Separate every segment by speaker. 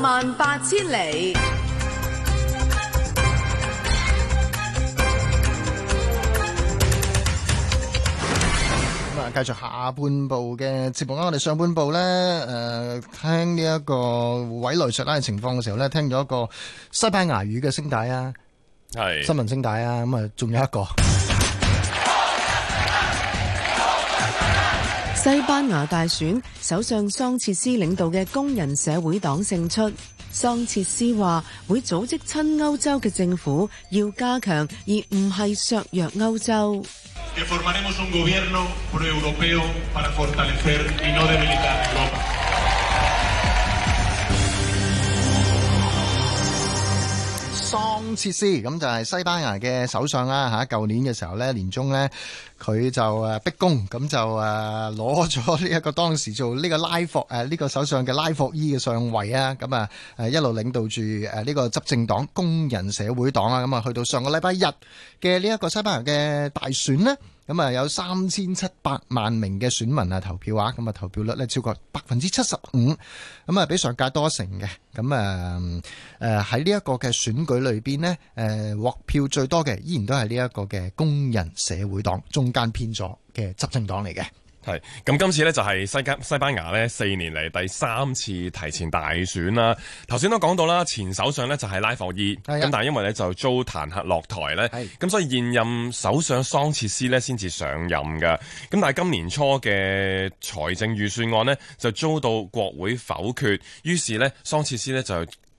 Speaker 1: 萬八千里。咁啊、嗯，繼續下半部嘅節目啦。我哋上半部咧，誒、呃，聽呢一個委內瑞拉嘅情況嘅時候咧，聽咗一個西班牙語嘅聲帶
Speaker 2: 啊，係是新聞聲帶啊，咁、嗯、啊，仲有一個。西班牙大選，首相桑切斯領導嘅工人社會黨勝出。桑切斯話會組織親歐洲嘅政府，要加強而唔係削弱歐洲。
Speaker 1: 設施咁就係西班牙嘅首相啦嚇，舊年嘅時候咧，年中咧佢就誒逼宮，咁就誒攞咗呢一個當時做呢個拉霍誒呢個首相嘅拉霍伊嘅上位啊，咁啊誒一路領導住誒呢個執政黨工人社會黨啊，咁啊去到上個禮拜日嘅呢一個西班牙嘅大選咧。咁啊，有三千七百萬名嘅選民啊投票啊，咁啊投票率咧超過百分之七十五，咁啊比上屆多成嘅，咁啊誒喺呢一個嘅選舉裏邊呢誒獲票最多嘅依然都係呢一個嘅工人社會黨，中間偏左嘅執政黨嚟嘅。
Speaker 3: 係咁，今次呢就係西加西班牙呢四年嚟第三次提前大選啦。頭先都講到啦，前首相呢就係拉霍伊，咁的但係因為呢就遭彈劾落台呢，咁的所以現任首相桑切斯呢先至上任㗎。咁但係今年初嘅財政預算案呢，就遭到國會否決，於是呢，桑切斯呢就，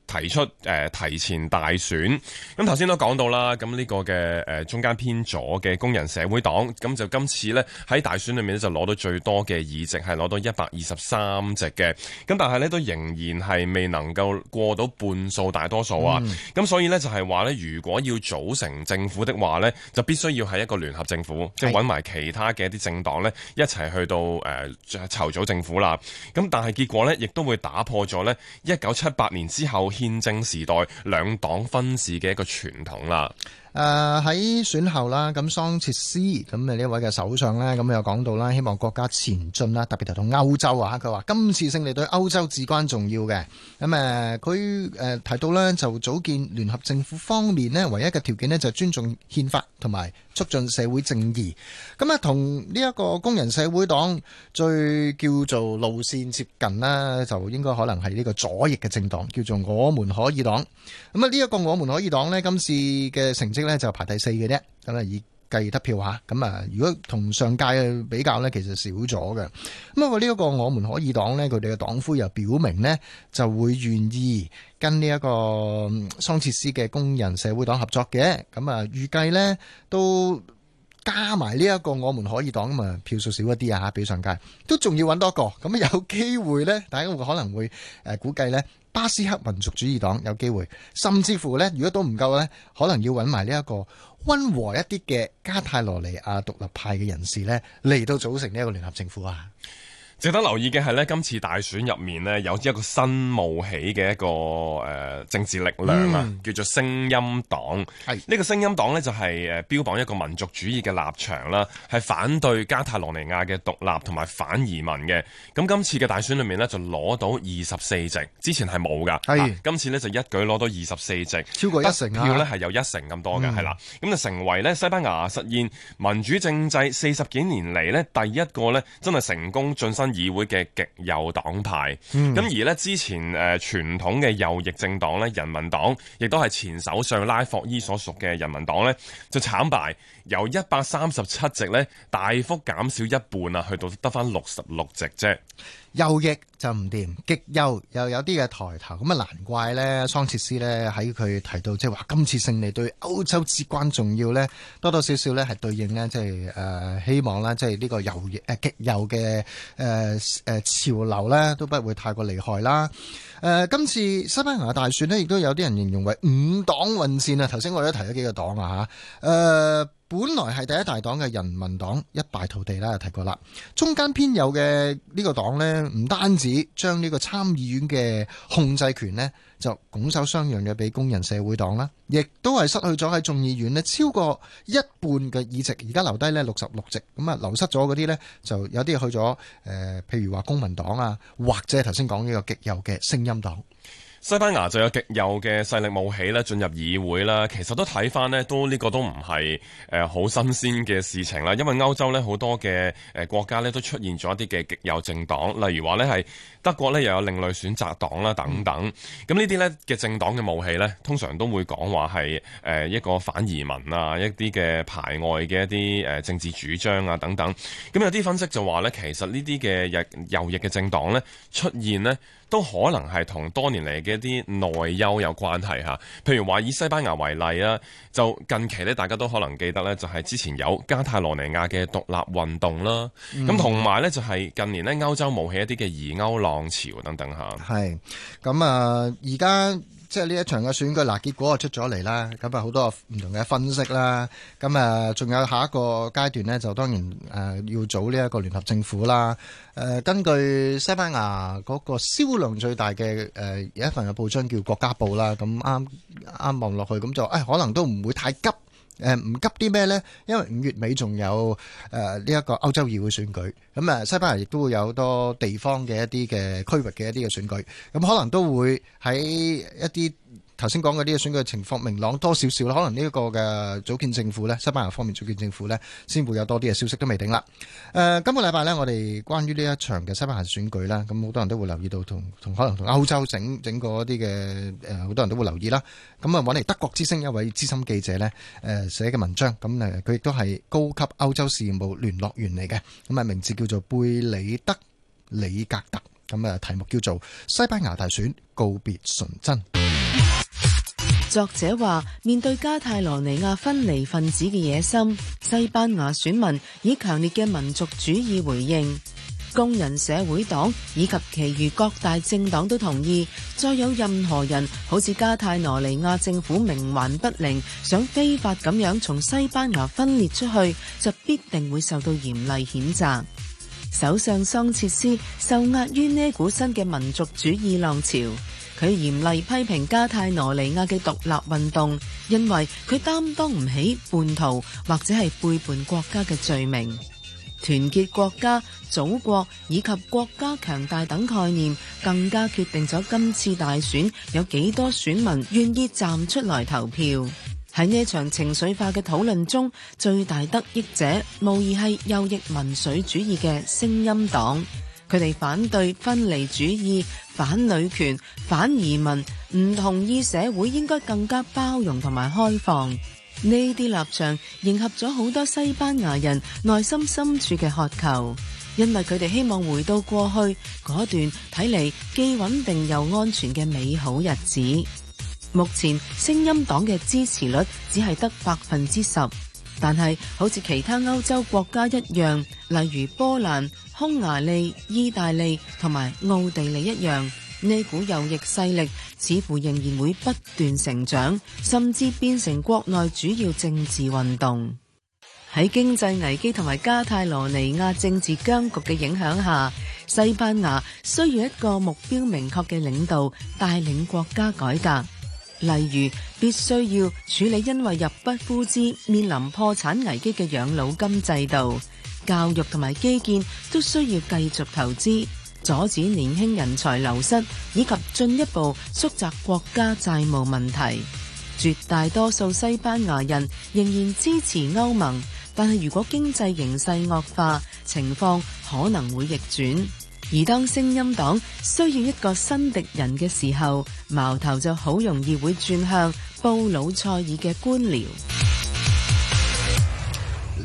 Speaker 3: 提出誒、呃、提前大選，咁頭先都講到啦，咁呢個嘅誒、呃、中間偏左嘅工人社會黨，咁就今次咧喺大選裏面咧就攞到最多嘅議席，係攞到一百二十三席嘅，咁但係咧都仍然係未能夠過到半數大多數啊，咁、嗯、所以咧就係話咧，如果要組成政府的話咧，就必須要係一個聯合政府，即係揾埋其他嘅一啲政黨咧一齊去到誒籌、呃、組政府啦，咁但係結果咧亦都會打破咗咧一九七八年之後。憲政時代兩黨分治嘅一個傳統啦、
Speaker 1: 啊，誒喺、呃、選後啦，咁桑切斯咁誒呢位嘅首相呢，咁又講到啦，希望國家前進啦，特別提到歐洲啊，佢話今次勝利對歐洲至關重要嘅，咁誒佢誒提到呢，就組建聯合政府方面呢，唯一嘅條件呢，就是，尊重憲法同埋，促進社會正義，咁啊同呢一個工人社會黨最叫做路線接近啦，就應該可能係呢個左翼嘅政黨，叫做我們可以黨。咁啊呢一個我們可以黨呢，今次嘅成績呢，就排第四嘅啫，咁啊以。計得票下，不過，如果同上屆比較呢，其實少咗嘅。咁啊，呢一個我們可以黨呢，佢哋嘅黨魁又表明呢，就會願意跟呢一個桑切斯嘅工人社會黨合作嘅。咁啊，預計呢都加埋呢一個我們可以黨，咁啊，票數少一啲啊，下比上屆都仲要搵多個。咁啊，有機會呢，大家會可能會誒估計呢，巴斯克民族主義黨有機會，甚至乎呢，如果都唔夠呢，可能要搵埋呢一個。溫和一啲嘅加泰羅尼亞獨立派嘅人士呢，嚟到組成呢個聯合政府啊！
Speaker 3: 值得留意嘅係咧，今次大選入面咧，有一個新冒起嘅一個誒政治力量啊，嗯、叫做聲音黨。係呢是個聲音黨咧就係誒標榜一個民族主義嘅立場啦，係反對加泰羅尼亞嘅獨立同埋反移民嘅。咁今次嘅大選裏面咧就攞到二十四席，之前係冇噶，係是今次咧就一舉攞到二十四席，超過一成票咧係有一成咁多嘅，係啦、嗯。咁就成為咧西班牙實現民主政制四十幾年嚟咧第一個咧真係成功晉身。議會嘅極右黨派，咁、嗯、而咧之前誒傳、呃、統嘅右翼政黨咧，人民黨亦都係前首相拉霍伊所屬嘅人民黨咧，就慘敗，由一百三十七席咧，大幅減少一半啊，去到得返六十六席啫。
Speaker 1: 右翼就唔掂，極右又有啲嘅抬頭，咁啊難怪咧，桑切斯呢，喺佢提到即係話今次勝利對歐洲至關重要咧，多多少少咧係對應、就是呃就是呃呃、呢，即係誒希望啦，即係呢個右翼誒極右嘅誒潮流咧都不會太過厲害啦。誒、呃、今次西班牙大選呢，亦都有啲人形容為五黨混戰啊！頭先我哋都提咗幾個黨啊嚇。本來係第一大黨嘅人民黨一敗塗地啦，提過啦。中間偏右嘅呢個黨呢，唔單止將呢個參議院嘅控制權呢，就拱手相讓咗俾工人社會黨啦，亦都係失去咗喺眾議院超過一半嘅議席，而家留低呢六十六席，咁啊流失咗嗰啲呢，就有啲去咗誒，譬如話公民黨啊，或者頭先講呢個極右嘅聲音黨。
Speaker 3: 西班牙就有極右嘅勢力冒起咧，進入議會啦。其實都睇返咧，都呢、呢個都唔係誒好新鮮嘅事情啦。因為歐洲咧好多嘅誒國家咧都出現咗一啲嘅極右政黨，例如話咧係德國咧又有另類選擇黨啦等等。咁呢啲咧嘅政黨嘅冒起，咧，通常都會講話係誒一個反移民啊，一啲嘅排外嘅一啲誒政治主張啊等等。咁有啲分析就話咧，其實呢啲嘅右右翼嘅政黨咧出現咧，都可能係同多年嚟嘅。一啲內憂有關係嚇，譬如話以西班牙為例啦，就近期咧大家都可能記得咧，就係之前有加泰羅尼亞嘅獨立運動啦，咁同埋咧就係近年咧歐洲冒起一啲嘅移歐浪潮等等嚇。
Speaker 1: 係，咁啊而家。即係呢一場嘅選舉，嗱結果啊出咗嚟啦，咁啊好多唔同嘅分析啦，咁啊仲有下一個階段呢，就當然要組呢一個聯合政府啦。誒、呃、根據西班牙嗰個銷量最大嘅誒、呃、一份嘅報章叫《國家報》啦，咁啱啱望落去咁就誒可能都唔會太急。誒唔急啲咩咧？因為五月尾仲有誒呢一個歐洲議會選舉，咁啊西班牙亦都會有好多地方嘅一啲嘅區域嘅一啲嘅選舉，咁可能都會喺一啲。頭先講嘅啲嘅選舉情況明朗多少少啦，可能呢一個嘅組建政府呢，西班牙方面組建政府呢，先會有多啲嘅消息都未定啦。誒、呃，今個禮拜呢，我哋關於呢一場嘅西班牙選舉啦，咁好多人都會留意到，同同可能同歐洲整整過一啲嘅誒，好、呃、多人都會留意啦。咁、嗯、啊，揾嚟德國之星一位資深記者呢，誒寫嘅文章咁誒，佢亦都係高級歐洲事務聯絡員嚟嘅，咁、嗯、啊名字叫做貝里德里格特，咁、嗯、啊題目叫做西班牙大選告別純真。
Speaker 2: 作者話：面對加泰羅尼亞分離分子嘅野心，西班牙選民以強烈嘅民族主義回應。工人社會黨以及其餘各大政黨都同意，再有任何人好似加泰羅尼亞政府冥頑不靈，想非法咁樣從西班牙分裂出去，就必定會受到嚴厲譴責。首相桑切斯受壓於呢股新嘅民族主義浪潮。佢嚴厲批評加泰羅尼亞嘅獨立運動，因為佢擔當唔起叛徒或者係背叛國家嘅罪名。團結國家、祖國以及國家強大等概念，更加決定咗今次大選有幾多選民願意站出來投票。喺呢場情緒化嘅討論中，最大得益者無疑係右翼民粹主義嘅聲音黨，佢哋反對分離主義。反女權、反移民，唔同意社會應該更加包容同埋開放，呢啲立場迎合咗好多西班牙人內心深處嘅渴求，因為佢哋希望回到過去嗰段睇嚟既穩定又安全嘅美好日子。目前聲音黨嘅支持率只係得百分之十。但係好似其他歐洲國家一樣，例如波蘭、匈牙利、意大利同埋奧地利一樣，呢股右翼勢力似乎仍然會不斷成長，甚至變成國內主要政治運動。喺經濟危機同埋加泰羅尼亞政治僵局嘅影響下，西班牙需要一個目標明確嘅領導，帶領國家改革。例如，必須要處理因為入不敷支、面臨破產危機嘅養老金制度、教育同埋基建都需要繼續投資，阻止年輕人才流失，以及進一步縮窄國家債務問題。絕大多數西班牙人仍然支持歐盟，但係如果經濟形勢惡化，情況可能會逆轉。而當聲音黨需要一個新敵人嘅時候，矛頭就好容易會轉向布魯塞爾嘅官僚。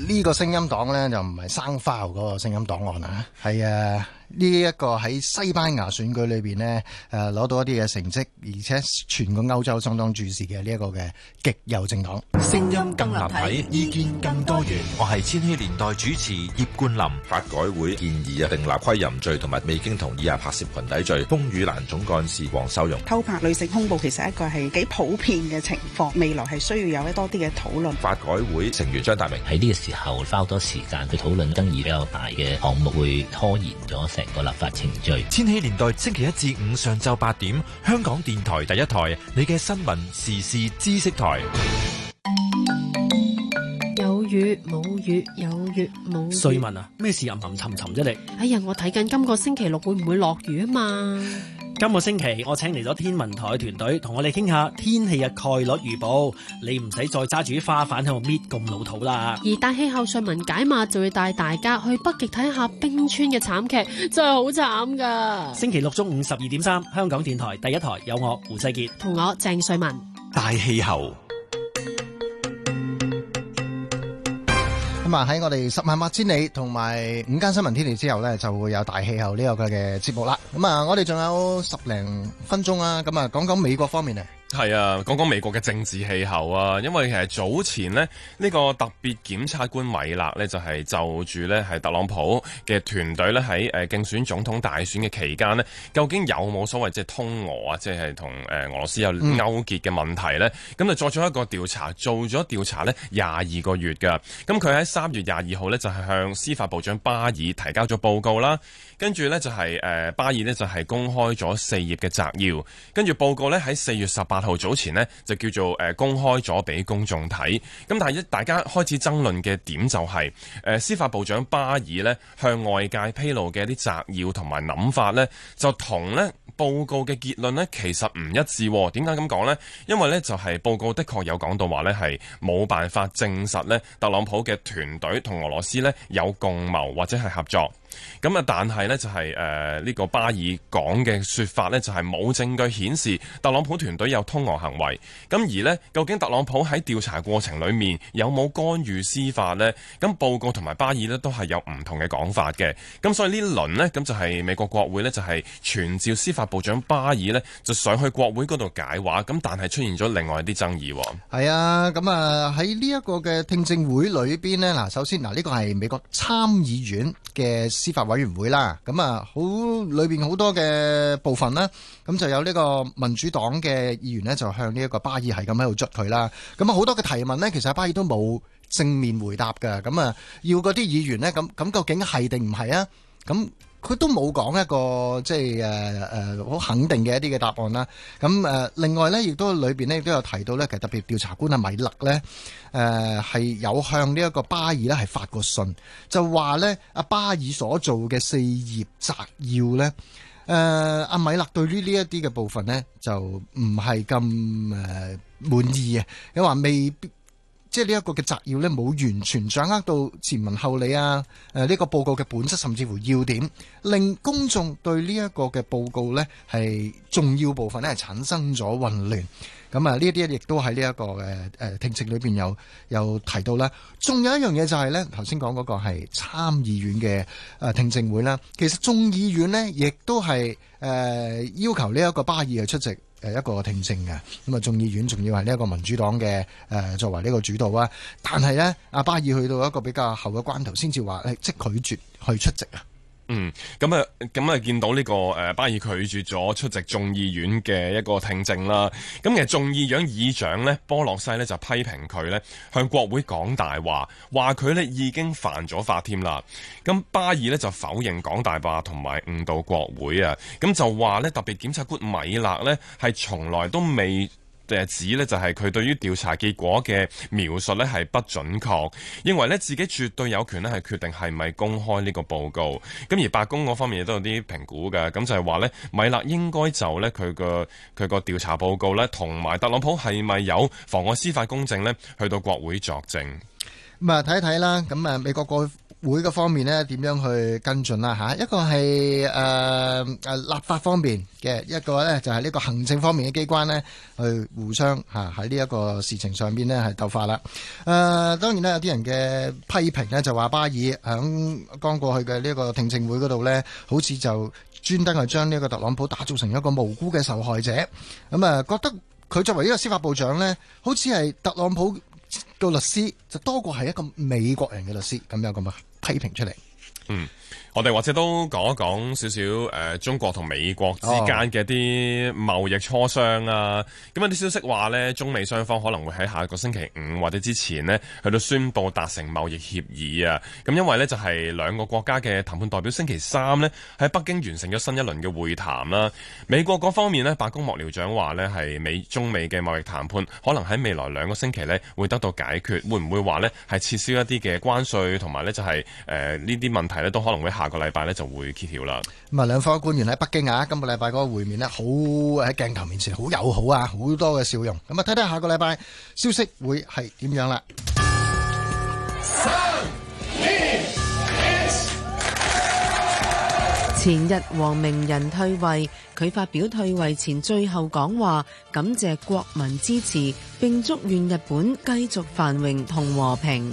Speaker 2: 呢個聲音黨咧就唔係生
Speaker 1: 花嗰個聲音檔，是檔，聲音檔案是啊，係啊。呢一個喺西班牙選舉裏面呢誒攞，啊，到一啲嘅成績，而且全個歐洲相當注視嘅呢一個嘅極右政黨。聲音更立體，意見更多元。
Speaker 3: 我係千禧年代主持葉冠霖。法改會建議啊，定立窺淫罪同埋未經同意下拍攝群體罪。風雨蘭總幹事王秀容，
Speaker 2: 偷拍女性胸部其實一個係幾普遍嘅情況，未來係需要有一多啲嘅討論。
Speaker 4: 法改會成員張達明，喺呢個時候花好多時間去討論爭議比較大嘅項目，會拖延咗成個立法程序。千禧年代星期一至五上晝八點，香港電台第一台，你嘅新聞時事知識台。
Speaker 2: 有雨冇雨，有雨冇。碎文
Speaker 4: 啊，咩事吟吟沉沉啫你？
Speaker 2: 哎呀，我睇緊今個星期六會唔會落雨啊嘛？
Speaker 4: 今個星期我請嚟咗天文台團隊同我哋傾下天氣嘅概率預報，你唔使再揸住啲花瓣喺度搣咁老土啦。而
Speaker 2: 大氣候瑞文解碼就會帶大家去北極睇下冰川嘅慘劇，真係好慘噶。
Speaker 4: 星期六中午十二點三，香港電台第一台有我胡世傑同我鄭瑞文大氣候。
Speaker 1: 喺我哋十萬八千里同埋五間新聞天地之後呢，就會有大氣候呢、呢個嘅節目啦。咁啊，我哋仲有十零分鐘啊，咁啊，講講美國方面呢
Speaker 3: 係啊，講講美國嘅政治氣候啊，因為其實早前呢呢、呢個特別檢察官米勒呢，就係、係、就住呢係特朗普嘅團隊呢，喺誒競選總統大選嘅期間呢，究竟有冇所謂即係通俄啊，即係同誒俄羅斯有勾結嘅問題呢？咁、嗯、就作咗一個調查，做咗調查呢廿二個月噶，咁佢喺三月廿二號呢，就係向司法部長巴爾提交咗報告啦。跟住、就是呃、呢，就係誒巴爾呢，就係公開咗四頁嘅摘要，跟住報告呢，喺四月十八號早前呢，就叫做誒、呃、公開咗俾公眾睇。咁但係一大家開始爭論嘅點就係、是、誒、呃、司法部長巴爾呢，向外界披露嘅一啲摘要同埋諗法呢，就同呢報告嘅結論呢，其實唔一致。點解咁講呢？因為呢，就係、是、報告的確有講到話呢，係冇辦法證實呢，特朗普嘅團隊同俄羅斯呢，有共謀或者係合作。咁啊，但係呢、就是，就係誒呢個巴爾講嘅說法呢，就係冇證據顯示特朗普團隊有通俄行為。咁而呢，究竟特朗普喺調查過程裏面有冇干預司法呢？咁報告同埋巴爾呢，都係有唔同嘅講法嘅。咁所以呢一輪呢，咁就係美國國會呢，就係傳召司法部長巴爾呢，就上去國會嗰度解話。咁但係出現咗另外一啲爭議喎。
Speaker 1: 係啊，咁啊喺呢一個嘅聽證會裏邊呢，嗱首先嗱呢個係美國參議院嘅。司法委員會啦，咁啊好裏邊好多嘅部分啦，咁就有呢個民主黨嘅議員呢，就向呢一個巴爾係咁喺度捉佢啦。咁好多嘅提問呢，其實巴爾都冇正面回答㗎。咁啊要嗰啲議員呢，咁咁究竟係定唔係啊？咁佢都冇講一個即係好、呃、肯定嘅一啲嘅答案啦。咁、呃、另外咧，亦都裏面咧，亦都有提到咧，其實特別調查官阿米勒咧，係、呃、有向呢一個巴爾咧係發過信，就話咧阿巴爾所做嘅四頁摘要咧，呃、阿米勒對於呢一啲嘅部分呢就唔係咁誒滿意嘅，佢話未必。即係呢一個嘅摘要呢，冇完全掌握到前文後理啊！誒、呃，呢、這個報告嘅本質，甚至乎要點，令公眾對呢一個嘅報告呢係重要部分呢係產生咗混亂。咁啊，呢一啲亦都喺呢一個誒誒、呃、聽證裏邊有有提到啦。仲有一樣嘢就係呢，頭先講嗰個係參議院嘅誒、呃、聽證會啦。其實眾議院呢，亦都係誒、呃、要求呢一個巴爾去出席。誒一個聽證嘅，咁啊，眾議院仲要係呢一個民主黨嘅誒、呃、作為呢個主導啊，但係咧阿巴爾去到一個比較後嘅關頭，先至話即拒絕去出席啊。
Speaker 3: 嗯，咁啊，咁啊，見到呢個誒，呃，巴爾拒絕咗出席眾議院嘅一個聽證啦。咁其實眾議院議長呢，波洛西呢就批評佢呢向國會講大話，話佢呢已經犯咗法添啦。咁巴爾呢就否認講大話同埋誤導國會啊。咁就話呢，特別檢察官米勒呢係從來都未。誒指呢就係佢對於調查結果嘅描述呢係不準確，認為呢自己絕對有權呢係決定係咪公開呢個報告。咁而白宮嗰方面亦都有啲評估嘅，咁就係話呢米勒應該就呢佢個佢個調查報告呢，同埋特朗普係咪有妨礙司法公正呢？去到國會作證。
Speaker 1: 咁啊睇一睇啦，咁啊美國個會嘅方面咧，點樣去跟進啦？嚇，一個係誒誒立法方面嘅，一個咧就係呢個行政方面嘅機關咧，去互相嚇喺呢一個事情上邊咧係鬥法啦。誒當然咧，有啲人嘅批評咧就話巴爾響剛過去嘅呢一個聽證會嗰度咧，好似就專登係將呢個特朗普打造成一個無辜嘅受害者。咁啊，覺得佢作為呢個司法部長咧，好似係特朗普個律師就多過係一個美國人嘅律師，咁有咁嘅批評出嚟，嗯。
Speaker 3: 我哋或者都講一講少少誒中國同美國之間嘅啲貿易磋商啊，咁有啲消息話呢，中美雙方可能會喺下一個星期五或者之前呢，去到宣布達成貿易協議啊。咁因為呢，就係兩個國家嘅談判代表星期三呢，喺北京完成咗新一輪嘅會談啦、啊。美國嗰方面呢，白宮幕僚長話呢，係美中美嘅貿易談判可能喺未來兩個星期呢會得到解決，會唔會話呢，係撤銷一啲嘅關稅同埋呢就係誒呢啲問題呢都可能會下。下個禮拜咧，就會揭曉啦。咁
Speaker 1: 啊，兩方官員喺北京啊，今個禮拜嗰個會面咧，好喺鏡頭面前好友好啊，好多嘅笑容。咁啊，睇睇下個禮拜消息會
Speaker 2: 係點樣啦。前日皇明仁退位，佢發表退位前最後講話，感謝國民支持，並祝願日本繼續繁榮同和平。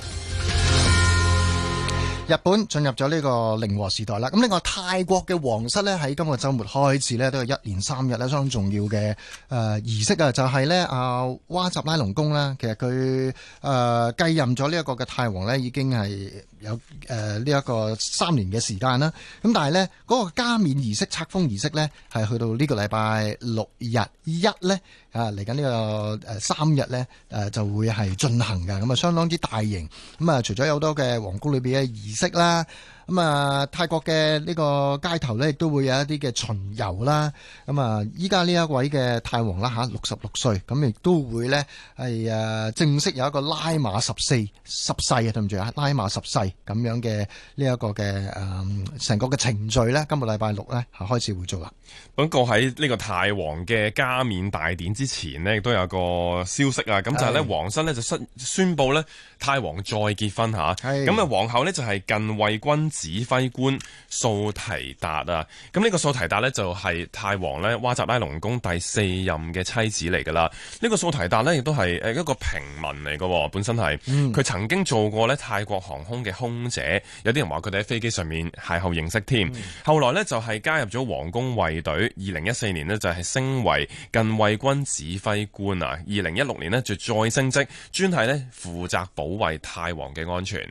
Speaker 1: 日本進入咗呢個令和時代啦。咁另外泰國嘅皇室咧，喺今個週末開始咧，都係一連三日咧，相當重要嘅誒儀式嘅、就是，就係咧阿哇集拉隆功啦。其實佢誒、啊、繼任咗呢一個嘅泰王咧，已經係。有誒呢一個三年嘅時間啦，咁但係咧嗰個加冕儀式、冊封儀式咧，係去到呢個禮拜六日一咧啊，嚟緊呢個三日咧、啊、就會係進行㗎。咁、嗯、啊相當之大型，咁、嗯、啊除咗有好多嘅皇宮裏面嘅儀式啦。咁啊，泰國嘅呢個街頭咧，亦都會有一啲嘅巡遊啦。咁啊，依家呢一位嘅泰王啦吓六十六歲，咁亦都會咧係啊，正式有一個拉馬十四十世啊，對唔住啊，拉馬十世咁樣嘅呢一個嘅誒成個嘅程序咧，今個禮拜六咧吓開始會做啦。
Speaker 3: 不過喺呢個泰王嘅加冕大典之前咧，亦都有個消息啊，咁就係咧，王室咧就宣宣布咧，泰王再結婚吓，係咁啊，皇后咧就係近衛軍指揮官素提達啊，咁、這、呢個素提達呢，就係泰王呢，哇集拉隆功第四任嘅妻子嚟㗎喇。呢、這個素提達呢，亦都係誒一個平民嚟嘅，本身係佢曾經做過呢泰國航空嘅空姐，嗯、有啲人話佢哋喺飛機上面邂逅認識添。嗯、後來呢，就係加入咗皇宮衛隊，二零一四年呢，就係升為近衛軍指揮官啊，二零一六年呢，就再升職，專係呢，負責保衞泰王嘅安全。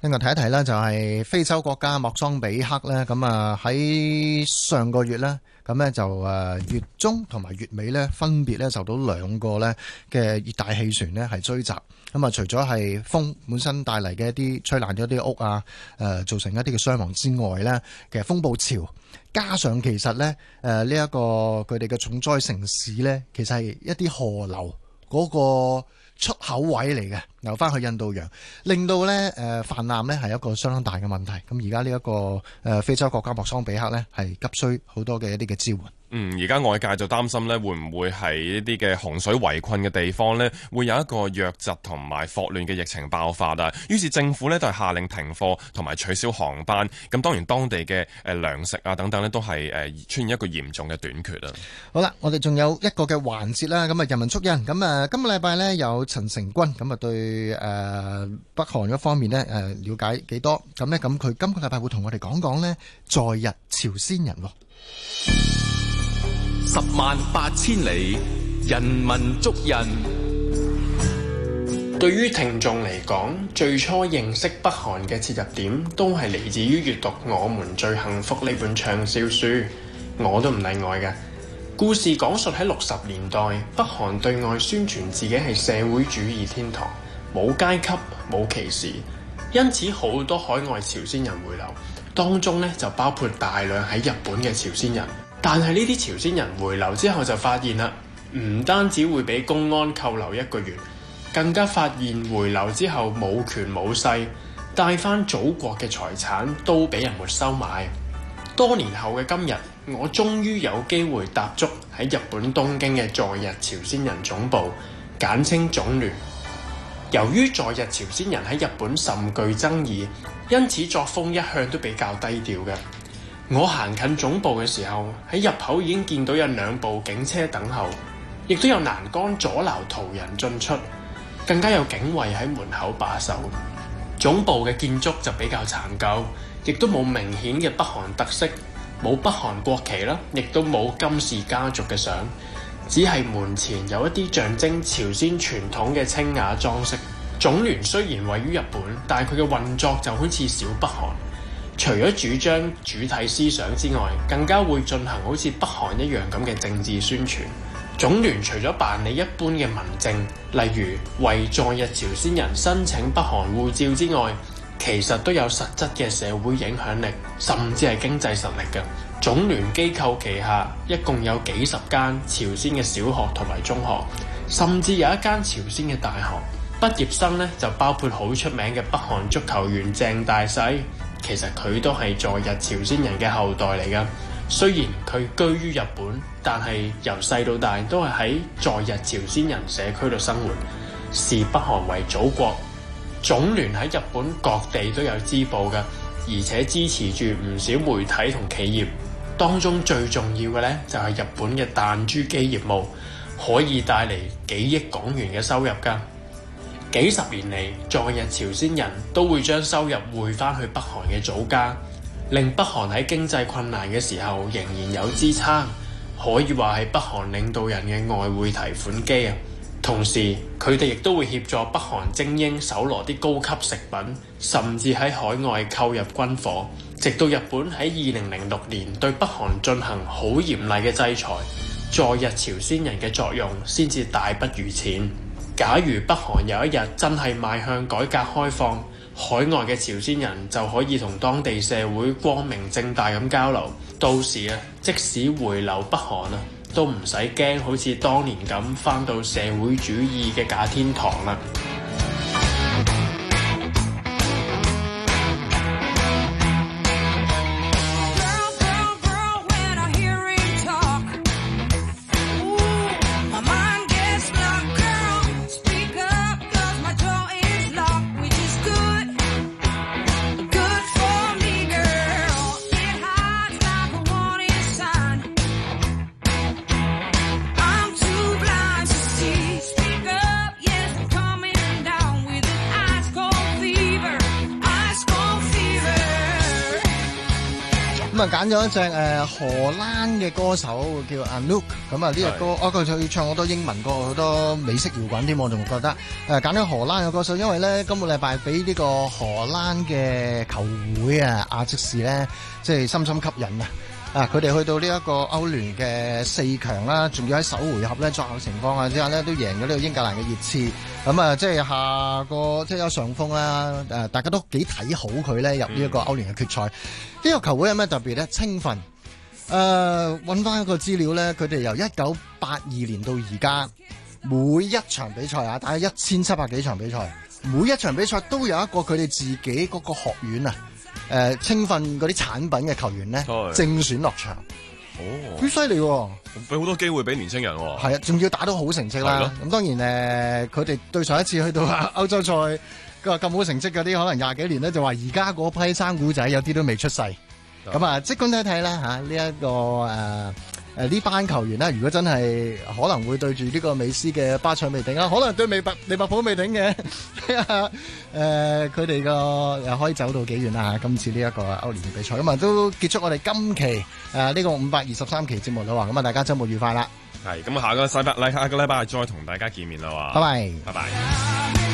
Speaker 1: 另外睇一睇咧就係、是、非洲國，國家莫桑比克咧，咁啊喺上個月咧，咁咧就誒月中同埋月尾咧，分別咧受到兩個咧嘅熱帶氣旋咧係吹襲。咁啊，除咗係風本身帶嚟嘅一啲吹爛咗啲屋啊，誒造成一啲嘅傷亡之外咧，其實風暴潮加上其實咧誒呢一個佢哋嘅重災城市咧，其實係一啲河流嗰個。出口位嚟嘅，留翻去印度洋，令到咧誒、呃、泛濫咧係一個相當大嘅問題。咁而家呢一個誒、呃、非洲國家莫桑比克咧，係急需好多嘅一啲嘅支援。
Speaker 3: 嗯，而家外界就擔心咧，會唔會係一啲嘅洪水圍困嘅地方咧，會有一個瘧疾同埋霍亂嘅疫情爆發啊？於是政府咧都係下令停課同埋取消航班。咁當然當地嘅誒糧食啊等等咧，都係誒出現一個嚴重嘅短缺啊。
Speaker 1: 好啦，我哋仲有一個嘅環節啦。咁啊，人文足印咁啊，今個禮拜咧有陳成軍咁啊，對誒北韓嗰方面咧誒瞭解幾多？咁咧咁佢今個禮拜會同我哋講講咧在日朝鮮人。十
Speaker 4: 萬八千里，人文足印。對於聽眾嚟講，最初認識北韓嘅切入點都係嚟自於閱讀《我們最幸福》呢本暢銷書，我都唔例外嘅。故事講述喺六十年代，北韓對外宣傳自己係社會主義天堂，冇階級，冇歧視，因此好多海外朝鮮人回流，當中呢就包括大量喺日本嘅朝鮮人。但係呢啲朝鮮人回流之後就發現啦，唔單止會俾公安扣留一個月，更加發現回流之後冇權冇勢，帶翻祖國嘅財產都俾人沒收埋。多年後嘅今日，我終於有機會踏足喺日本東京嘅在日朝鮮人總部，簡稱總聯。由於在日朝鮮人喺日本甚具爭議，因此作風一向都比較低調嘅。我行近總部嘅時候，喺入口已經見到有兩部警車等候，亦都有欄杆阻撓途人進出，更加有警衛喺門口把守。總部嘅建築就比較殘舊，亦都冇明顯嘅北韓特色，冇北韓國旗啦，亦都冇金氏家族嘅相，只係門前有一啲象徵朝鮮傳統嘅清雅裝飾。總聯雖然位於日本，但係佢嘅運作就好似小北韓。除咗主張主體思想之外，更加會進行好似北韓一樣咁嘅政治宣傳。總聯除咗辦理一般嘅民政，例如為在日朝鮮人申請北韓護照之外，其實都有實質嘅社會影響力，甚至係經濟實力嘅總聯機構旗下一共有幾十間朝鮮嘅小學同埋中學，甚至有一間朝鮮嘅大學。畢業生咧就包括好出名嘅北韓足球員鄭大世。其實佢都係在日朝鮮人嘅後代嚟㗎，雖然佢居於日本，但係由細到大都係喺在，在日朝鮮人社區度生活，視北韓為祖國。總聯喺日本各地都有支部㗎，而且支持住唔少媒體同企業，當中最重要嘅呢，就係日本嘅彈珠機業務，可以帶嚟幾億港元嘅收入㗎。幾十年嚟，在日朝鮮人都會將收入匯翻去北韓嘅祖家，令北韓喺經濟困難嘅時候仍然有支撐，可以話係北韓領導人嘅外匯提款機啊。同時，佢哋亦都會協助北韓精英搜羅啲高級食品，甚至喺海外購入軍火。直到日本喺二零零六年對北韓進行好嚴厲嘅制裁，在日朝鮮人嘅作用先至大不如前。假如北韓有一日真係邁向改革開放，海外嘅朝鮮人就可以同當地社會光明正大咁交流。到時啊，即使回流北韓啦都唔使驚，好似當年咁返到社會主義嘅假天堂啦。
Speaker 1: 有一隻誒荷蘭嘅歌手叫 Anouk，咁啊呢隻歌，哦佢佢唱好多英文歌，好多美式搖滾添，我仲覺得誒揀咗荷蘭嘅歌手，因為咧今個禮拜俾呢個荷蘭嘅球會啊阿積士咧，即係深深吸引啊！啊！佢哋去到呢一個歐聯嘅四強啦，啊，仲要喺首回合咧作后情況啊之下呢，都贏咗呢個英格蘭嘅熱刺，咁啊即係下個即係有上風啦，啊！誒、啊，大家都幾睇好佢咧入呢一個歐聯嘅決賽。呢、嗯、個球會有咩特別咧？青訓。誒、呃，揾翻一個資料咧，佢哋由一九八二年到而家每一場比賽啊，大概一千七百幾場比賽，每一場比賽都有一個佢哋自己嗰個學院啊！誒，青訓嗰啲產品嘅球員咧，對正選落場，哦，好犀利，俾好多機會俾年青人、哦，係啊，仲要打到好成績啦。咁了當然誒，佢、呃、哋對上一次去到啊歐洲賽，佢話咁好成績嘅啲，可能廿幾年咧就話而家嗰批生古仔有生，有啲都未出世。咁啊，即管睇睇啦吓，呢、啊、一、這個誒。呃誒呢、呃、班球員咧，如果真係可能會對住呢個美斯嘅巴塞未頂啊，可能對美白美白普未頂嘅，啊佢哋個又可以走到幾遠啦？今次呢一個歐聯比賽，咁、嗯、啊都結束我哋今期誒呢、呃這個五百二十三期節目啦喎，咁啊、嗯、大家周末愉快啦！
Speaker 3: 係，咁下個禮拜、下個禮拜再同大家見面啦喎，拜拜，
Speaker 1: 拜拜。拜拜。